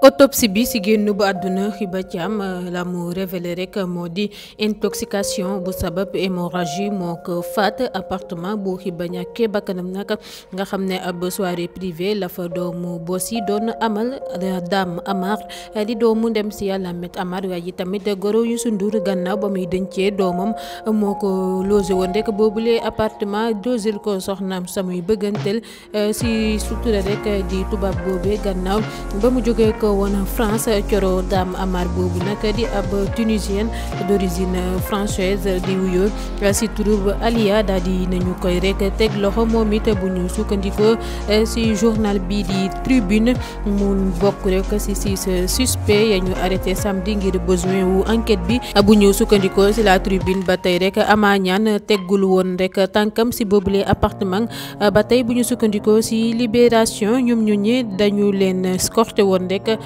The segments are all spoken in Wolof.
autopsie bi si génn bu àdduna Hiba Thiam euh, la mu révélé rek moo di intoxication bu sabab hémorragie moo ko faat appartement bu Hiba ñàkkee bakkanam nag nga xam ne ab soirée privée la fa doomu boss yi doon amal euh, Dame Amar euh, di doomu dem si yàlla met Amar waaye tamit goro Youssou Ndour gannaaw ba muy dencee doomam moo ko logé woon rek boobulee appartement dosel ko soxnaam samuy bëgganteel si sutura rek di tubaab boobee gannaaw ba mu woon France coro Dame Amar boobu nag di ab tunisienne d'origine française di wuyoo si turub Alia daal di nañu koy rek teg loxo moom it bu ñu sukkandikoo eh, si journal bi di Tribune mu bokk rek si six suspect ya ñu arrêté samedi ngir besoin wu enquête bi bu ñu sukkandikoo si la Tribune ba tey rek Ama Niane teggul woon rek tànkam si boobule appartement eh, ba tey bu ñu sukkandikoo si Libération ñoom ñu ñi dañu leen scorté woon rek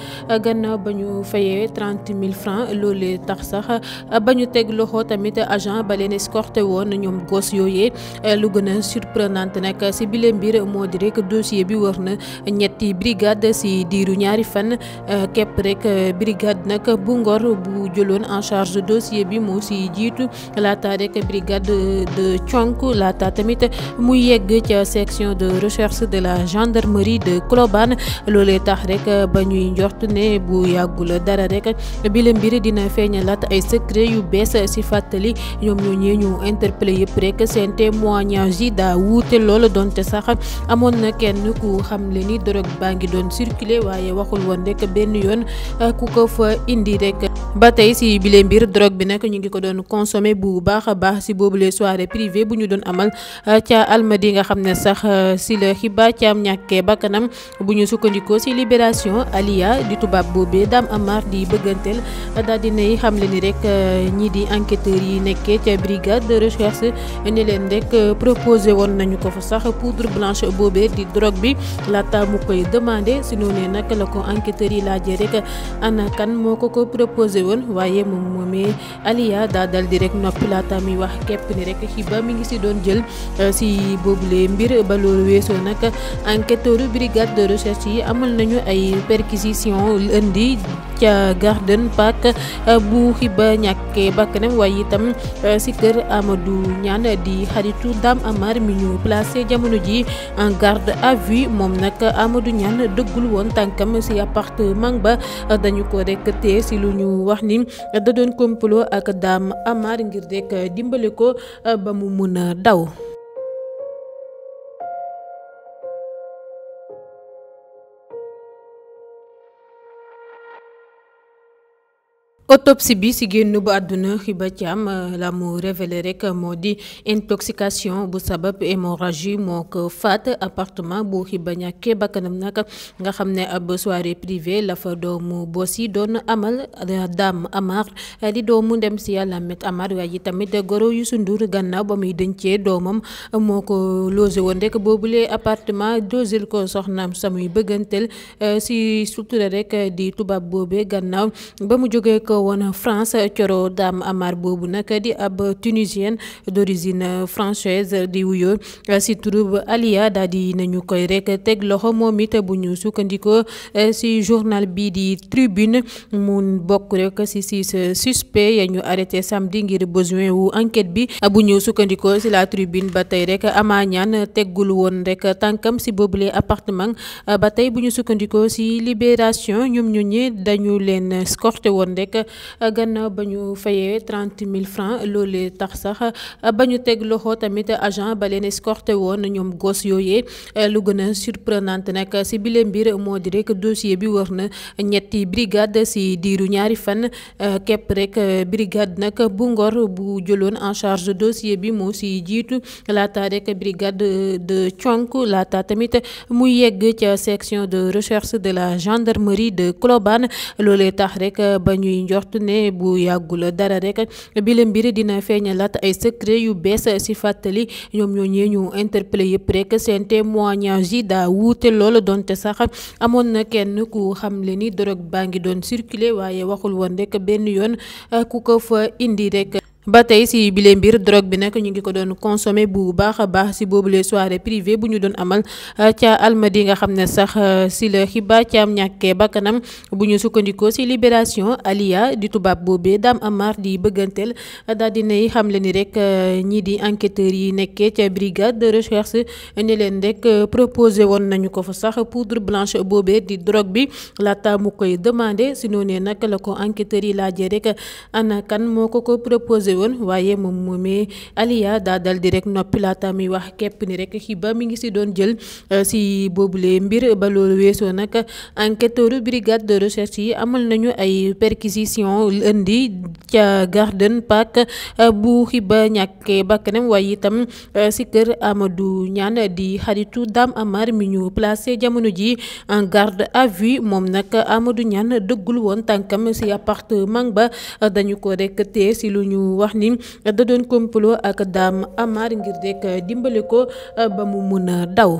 gannaaw ba ñu fayee trente mille francs loolee tax sax euh, ba ñu teg loxo tamit agent ba leen escorté woon ñoom gos yooyee euh, lu gën a surprenante nag si bile mbir moo di rek dossier bi wër na ñetti brigade si diiru ñaari fan euh, képp rek brigade nag bu ngor bu jëloon en charge dossier bi moo si jiitu laata rek brigade de Thionk laata tamit muy yegg ca section de recherche de la gendarmerie de Colobane loolee tax rek ba ñuy njort ne bu yàggul dara rek bile mbir dina feeñalaat ay secret yu bees ci fàttali ñoom ñoo ñee ñu interpellé yëpp rek seen témoignage yi daa wuute lool donte sax amoon na kenn ku xamle ni drogue baa ngi doon circuler waaye waxul woon rek benn yoon ah, ku ko fa indi rek. ba tey ci bile mbir drogue bi nag ñu ngi ko doon consommé bu baax a baax ci boobule soirée privée bu ñu doon amal ah, ca Almadi nga xam ne sax ah, ci la Hiba Thiam ñàkkee bakkanam bu ñu Sylla di tubaab boobee Dame Amar di bëgganteel daal di nay xamle ni rek euh, ñii di enquêteurs yi nekkee ca brigade de recherche ni leen rek euh, proposé woon nañu ko fa sax poudre blanche boobee di drogue bi laata mu koy demandé si noonee nag la ko enquêteurs yi laajee rek ana kan moo ko ko proposé woon waaye moom moomee Aliya daa dal di rek noppi laata muy wax képp ni rek xiba mi ngi si doon jël euh, si boobule mbir ba weesoo nag enquêteur brigade de agression indi ca Garden Park eh, bu xiba ñàkkee bakkanam waaye itam eh, si kër Amadou ñaan di xaritu Dame Amar mi ñu placé jamono ji en garde à moom nag Amadou Niane dëggul woon tànkam si appartement ba eh, dañu ko rek tee si lu ñu wax ni da doon complot ak Dame Amar ngir rek dimbale ko ba mu mën a daw autopsie bi si génn bu àdduna Hiba Thiam euh, la mu révélé rek moo di intoxication bu sabab hémorragie moo ko faat appartement bu Hiba ñàkkee bakkanam nag nga xam ne ab soirée privée la fa doomu boss yi doon amal euh, Dame Amar euh, di doomu ndem si yàlla met Amar waaye yi tamit goro Youssou Ndour gannaaw ba muy dëncee doomam moo ko logé woon rek boobulee appartement dosel ko soxnaam samuy bëggantel si sutura rek di tubaab boobee gannaaw ba ko woon France coro Dame Amar boobu nag di ab tunisienne d'origine française di wuyoo si turub Alia daal di nañu koy rek teg loxo moom it bu ñu sukkandikoo eh, si journal bi di Tribune mu bokk rek si si suspect ya ñu arrêté samedi ngir besoin wu enquête bi bu ñu sukkandikoo si la Tribune ba tey rek Ama Niane teggul woon rek tànkam si boobule appartement ba tey bu sukkandikoo si Libération ñoom ñu ñi dañu leen scorté woon rek Euh, gannaaw ba ñu fayee trente mille francs loolee tax sax euh, ba ñu teg loxo tamit agent ba leen escorté woon ñoom gos yooyee euh, lu gën a surprenante nag si bile mbir moo di rek dossier bi wër na ñetti brigade si diiru ñaari fan képp rek brigade nag bu ngor bu jëloon en charge dossier bi moo si jiitu laata rek brigade de conk laata tamit mu yegg ca section de recherche de la gendarmerie de Colobane loolee tax rek ba ñuy njort ne bu yàggul dara rek bile mbir dina feeñalaat ay secret yu bees ci fàttali ñoom ñoo ñee ñu interpellé yëpp rek seen témoignage yi daa wuute lool donte sax amoon na kenn ku xamle ni drogue baa ngi doon circuler waaye waxul woon rek benn yoon ku ko fa indi rek. ba tey si bile mbir drogue bi nag ñu ngi ko doon consommé bu baax a baax si boobule soirée privée bu ñu doon amal euh, ca almadi nga xam ne sax si euh, la xiba caam ñàkkee bakkanam bu ñu sukkandikoo si libération aliya di tubaab boobee daam amar di bëgganteel daal dinay xam le ni rek euh, ñii di enquêteurs yi nekkee ca brigade de recherche ni leen rek proposé woon nañu ko fa sax poudre blanche boobee di drogue bi laata mu koy demandé si noonee nag la ko enquêteurs yi laajee rek woon waaye moom moomee Aliya daa dal di rek noppi laata muy wax képp ni rek xiba mi ngi si doon jël euh, si boobule mbir ba loolu weesoo nag enquêteur brigade de recherche yi amal nañu ay perquisition indi ca Garden Park euh, bu xiba ñàkkee bakkanam waaye itam euh, si kër Amadou Niane di xaritu Dame Amar mi ñu placé jamono ji en garde à vue moom nag Amadou Niane dëggul woon tànkam si appartement ba dañu ko rek tee si lu ñu wax ni da doon complot ak Dame Amar ngir rek dimbale ko ba mu mun a daw.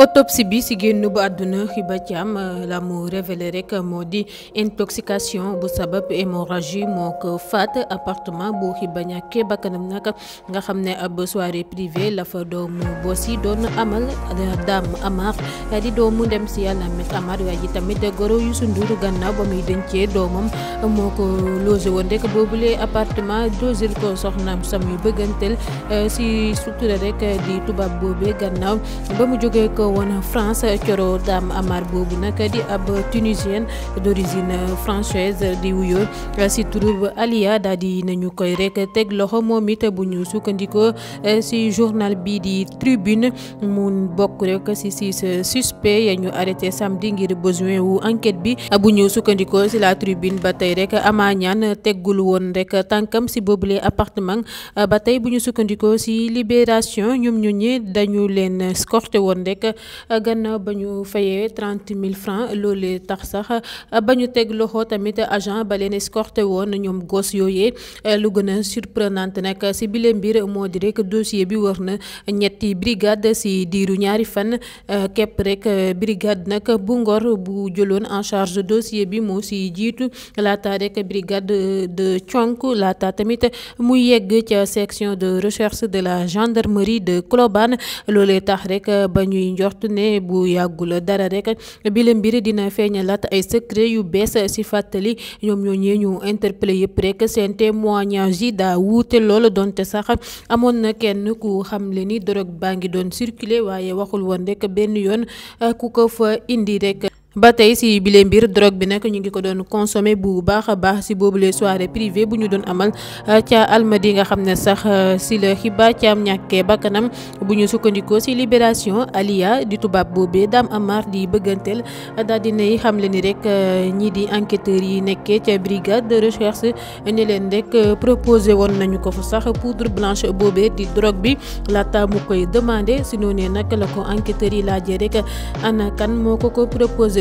autopsie bi si génn bu àdduna Hiba Thiam euh, la mu révélé rek moo di intoxication bu sabab hémorragie moo ko faat appartement bu Hiba ñàkkee bakkanam nag nga xam ne ab soirée privée la fa doomu boo si doon amal Dame Amar di doomu dem si yàlla met Amar waaye ji tamit goro Youssou Ndour gannaaw ba muy dencee doomam moo ko logé woon rek boobule appartement dosir ko soxnaam sam yu bëggantel si euh, sutura rek di tubaab boobee gannaaw ba mu jógee ko woon France coro Dame Amar boobu nag di ab tunisienne d'origine française di wuyoo si turub Alia daal nañu koy rek teg loxo moom it bu ñu sukkandikoo eh, si journal bi di Tribune mu bokk rek si six suspect ya ñu arrêté samedi ngir besoin bi bu ñu sukkandikoo si la Tribune ba tey rek Ama Niane teggul woon rek tànkam si boobule appartement ba tey bu sukkandikoo si Libération ñoom ñu ñi dañu leen scorté woon rek gannaaw ba ñu fayee trente mille francs loolee tax sax ba ñu teg loxo tamit agent ba leen escorté woon ñoom gos yooyee lu gën a surprenante nag si bile mbir moo di rek dossier bi war na ñetti brigade si diiru ñaari fan képp rek brigade nag bu ngor bu jëloon en charge dossier bi moo si jiitu laata rek brigade de conk laata tamit mu yegg ca section de recherche de la gendarmerie de Colobane loolee tax rek ba ñuy njort bu yàggula dara rek bi la mbir dina feeñalaat ay secret yu bees si fàttali ñoom ñoo ñee ñu interpellé yëpp rek seen témoignage yi daa wuute lool donte sax amoon na kenn ku xam le ni drogue baa ngi doon circuler waaye waxul woon rek benn yoon ku ko fa indi rek. ba tey si bile mbir drogue bi nag ñu ngi ko doon consommé bu baax a baax si boobu les soirées privées bu ñu doon amal euh, ca almadi nga xam ne sax si euh, la xiba caam ñàkkee bakkanam bu ñu sukkandikoo si libération aliya di tubaab boobee daam amar di bëgganteel daal dinay xamle ni rek euh, ñii di enquêteurs yi nekkee ca brigade de recherche ne leen rek proposer woon nañu ko fa sax poudre blanche boobee di drogue bi laata mu koy demande si noonee nag la ko enquêteurs yi laajee rek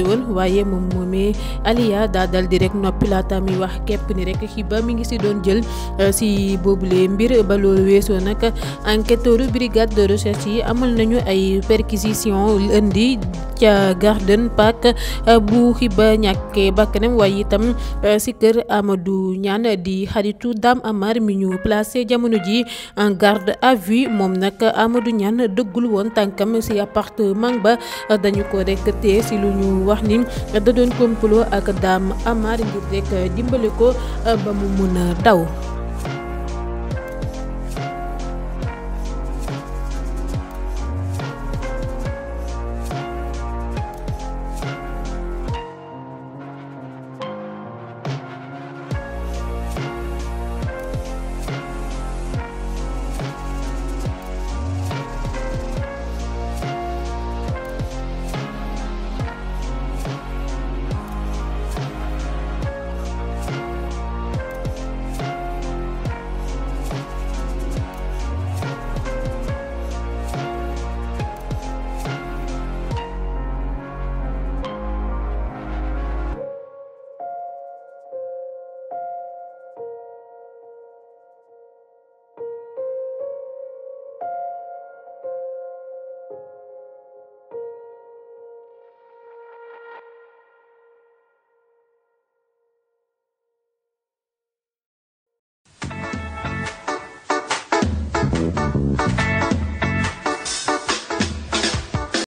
géwël waaye moom moomee Aliya daa dal di rek noppi laata mi wax képp ni rek xiba mi ngi si doon jël euh, si boobule mbir ba loolu weesoo nag enquêteur brigade de recherche yi amal nañu ay perquisition indi ca Garden Park euh, bu xiba ñàkkee bakkanam waaye itam euh, si kër Amadou Niane di xaritu Dame Amar mi ñu placé jamono ji en garde à moom nag Amadou Niane dëggul woon tànkam si appartement ba dañu ko rek téye si lu wax ni da doon complot ak Dame Amar ngir rek dimbale ko eh, ba mu mun a daw.